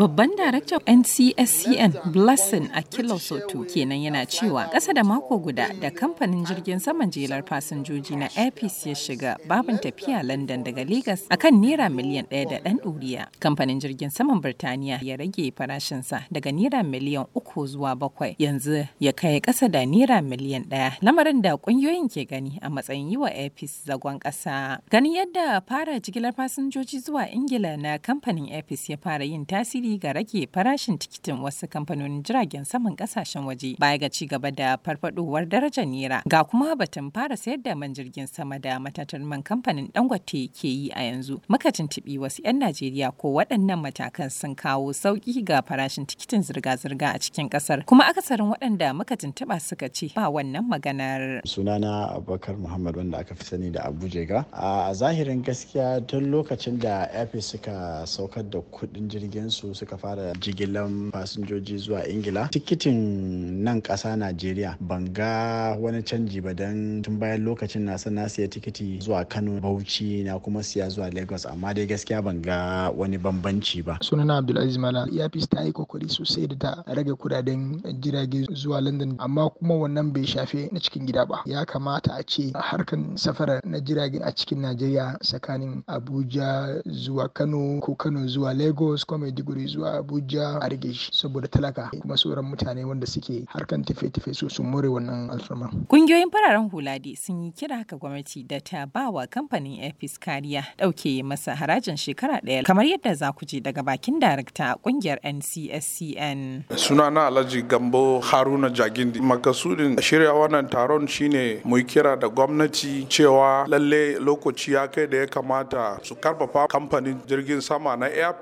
Babban daraktan NCSCN Blessing a kilosotu kenan yana cewa ƙasa da mako guda da kamfanin jirgin saman jelar fasinjoji na Airpeace ya shiga babin tafiya London daga Legas akan naira miliyan ɗaya da ɗan ɗuriya. Kamfanin jirgin saman Birtaniya ya rage farashinsa daga naira miliyan uku zuwa bakwai yanzu ya kai ƙasa da naira miliyan ɗaya lamarin da ƙungiyoyin ke gani a matsayin yi wa Airpeace zagon ƙasa. Ganin yadda fara jigilar fasinjoji zuwa Ingila na kamfanin Apis ya fara yin tasiri ga rage farashin tikitin wasu kamfanonin jiragen saman kasashen waje baya ga ci gaba da farfadowar darajar nera. Ga kuma batun fara sayar da man jirgin sama da matatar man kamfanin Dangote ke yi a yanzu. Muka tuntuɓi wasu 'yan Najeriya ko waɗannan matakan sun kawo sauƙi ga farashin tikitin zirga-zirga a cikin ƙasar. Kuma akasarin waɗanda muka tuntuɓa suka ce ba wannan maganar. Sunana Abubakar Muhammad wanda aka fi sani da Abuja ga. A zahirin gaskiya tun lokacin da safe suka saukar da kudin jirgin su suka fara jigilan fasinjoji zuwa ingila tikitin nan kasa najeriya ban ga wani canji ba don tun bayan lokacin na sana siya tikiti zuwa kano bauchi na kuma siya zuwa lagos amma dai gaskiya ban ga wani bambanci ba sunana abdulaziz mala yafis ta yi kokari sosai da ta rage kudaden jirage zuwa london amma kuma wannan bai shafe na cikin gida ba ya kamata a ce harkan safara na jirage a cikin najeriya tsakanin abuja zuwa zuwa kano ko kano zuwa lagos ko maiduguri zuwa abuja a rage shi saboda talaka kuma sauran mutane wanda suke harkan tafe-tafe su sun more wannan alfarma. kungiyoyin fararen hula dai sun yi kira ga gwamnati da ta ba wa kamfanin airfis kariya ɗauke masa harajin shekara ɗaya kamar yadda za ku je daga bakin darakta a kungiyar ncscn. sunana alhaji gambo haruna jagindi makasudin shirya wannan taron shine mu kira da gwamnati cewa lalle lokaci ya kai da ya kamata su karfafa kamfanin kamfanin jirgin sama na air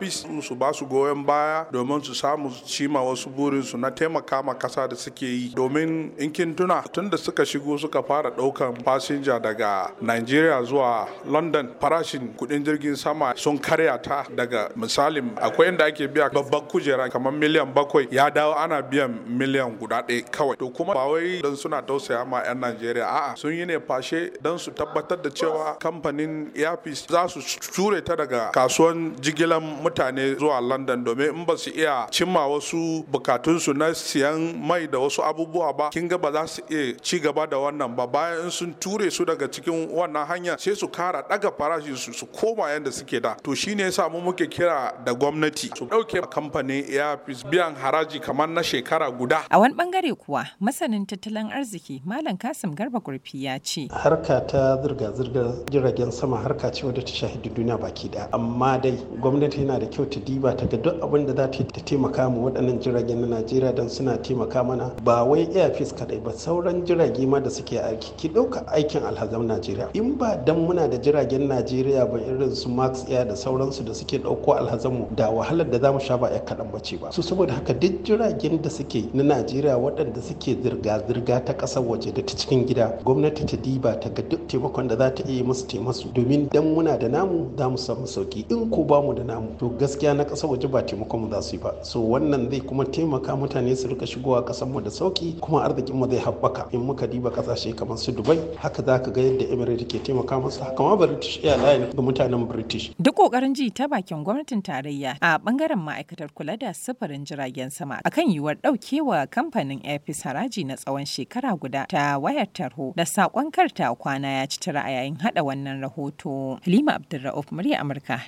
su ba su goyon baya domin su samu cima wasu burinsu na taimaka ma kasa da suke yi domin in kin tuna tun da suka shigo suka fara ɗaukan fasinja daga nigeria zuwa london farashin kuɗin jirgin sama sun karya ta daga misalin akwai inda ake biya babban kujera kamar miliyan bakwai ya dawo ana biyan miliyan guda ɗaya kawai to kuma ba wai don suna tausaya ma 'yan nigeria a'a sun yi ne fashe don su tabbatar da cewa kamfanin airpeace za su ture ta daga kasuwan jigilan mutane zuwa london domin in ba su iya cimma wasu bukatunsu na siyan mai da wasu abubuwa ba kin ga ba za su iya ci gaba da wannan ba bayan sun ture su daga cikin wannan hanya sai su kara daga farashin su su koma yadda suke da to shine yasa mu muke kira da gwamnati su dauke kamfanin airpeace biyan haraji kamar na shekara guda a wani bangare kuwa masanin tattalin arziki malam kasim garba gurfi ya ce harka ta zirga-zirgar jiragen sama harka ce wadda ta shahidi duniya baki daya amma dai gwamnati yana da kyau ta diba ta ga duk abin da za ta taimaka mu waɗannan jiragen na najeriya don suna taimaka mana ba wai airfis kaɗai ba sauran jirage ma da suke aiki ki ɗauka aikin alhazan najeriya in ba dan muna da jiragen najeriya ba irin su max air da sauransu da suke ɗauko alhazan mu da wahalar da za mu sha ba ya kaɗan bace ba su saboda haka duk jiragen da suke na najeriya waɗanda suke zirga-zirga ta ƙasar waje da ta cikin gida gwamnati ta diba ta ga duk taimakon da za ta iya musu taimasu domin dan muna da namu za mu samu sauki ciki in ko ba mu da namu to gaskiya na ƙasar waje ba taimakon mu za su yi ba so wannan zai kuma taimaka mutane su rika shigowa ƙasar mu da sauki kuma arzikin mu zai haɓaka in muka diba ƙasashe kamar su dubai haka za ka ga yadda emirate ke taimaka musu haka ma british airline ga mutanen british duk ƙoƙarin ji ta bakin gwamnatin tarayya a bangaren ma'aikatar kula da sufurin jiragen sama akan yiwuwar ɗaukewa kamfanin airpeace haraji na tsawon shekara guda ta wayar tarho da saƙon karta kwana ya ci tara a yayin haɗa wannan rahoto halima abdulra'uf murya amurka